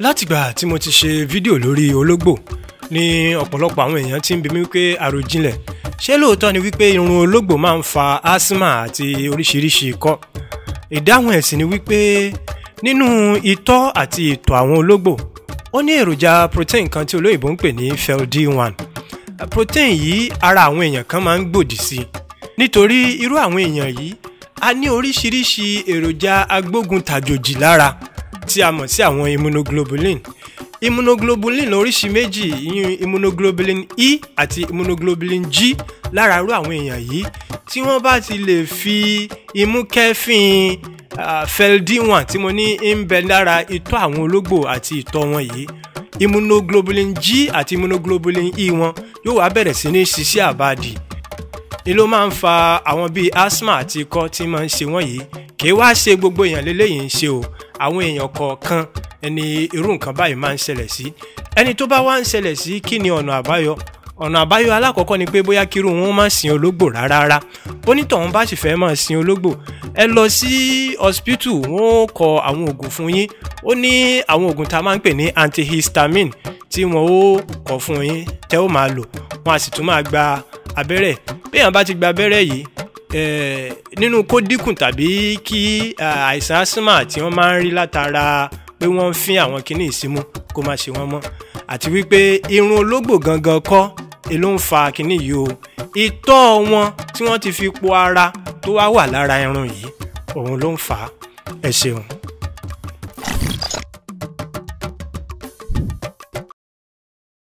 látìgbà tí mo ti ṣe fídíò lórí ológbò ni ọ̀pọ̀lọpọ̀ àwọn èèyàn ti ń bi mí wípé àròjinlẹ̀ ṣé lóòótọ́ ni wípé irun ológbò máa ń fa asthma àti oríṣiríṣi ikọ́ ìdáhùn ẹ̀ ni wípé nínú itọ́ àti ìtọ̀ àwọn ológbò ó ní èròjà protein kan tí olóyìnbó ń pè ní FeLD1 protein yìí ara àwọn èèyàn kan máa ń gbòdì sí i nítorí irú àwọn èèyàn yìí a ní oríṣiríṣi èròjà agbógun lára tí a mọ̀ sí àwọn immunoglobulin immunoglobulin oríṣi méjì ìyún immunoglobulin E àti immunoglobulin G lára irú àwọn èèyàn yìí tí wọ́n bá ti lè fi imú kẹ́fìn uh, feldiwan tí mo ní ń bẹ lára itọ́ àwọn ológbò àti itọ́ wọn yìí immunoglobulin G àti immunoglobulin E wọn yóò wá bẹ̀rẹ̀ sí ní ṣiṣẹ́ àbádì ni ló máa ń fa àwọn bíi asthma àti ikọ́ tí máa ń ṣe wọ́n yìí kì í wá ṣe gbogbo èèyàn lélẹ́yìn ṣe o àwọn èèyàn kọ̀ọ̀kan ẹni irú nǹkan báyìí máa ń ṣẹlẹ̀ sí ẹni tó bá wá ń ṣẹlẹ̀ sí kí ni ọ̀nà àbáyọ ọ̀nà àbáyọ alákọ̀ọ́kọ́ ni pé bóyá kírú wọn máa sin ológbò rárá onítọ̀hún bá sì fẹ́ máa sin ológbò ẹ lọ sí hospital wọn ó kọ àwọn oògùn fún yín ó ní àwọn oògùn tá a máa ń pè ní antihistamine tí wọn ó kọ fún yín tẹ́ ó máa lò wọn a sì tún máa gba abẹ́rẹ́ bí èèyàn bá ti gba abẹ́rẹ́ yìí Eh, nínú kó dínkù tàbí kí eh, àìsàn asthma tí wọ́n máa ń rí látara pé wọ́n ń fín àwọn kinní ìsímú kó má ṣe wọ́n mọ́ àti wípé irun ológbò gangan kọ́ ló ń fa kinní yìí o itọ́ wọn tí wọ́n ti fi po ara tó wá wà lára irun yìí òun ló ń fà á ṣeun.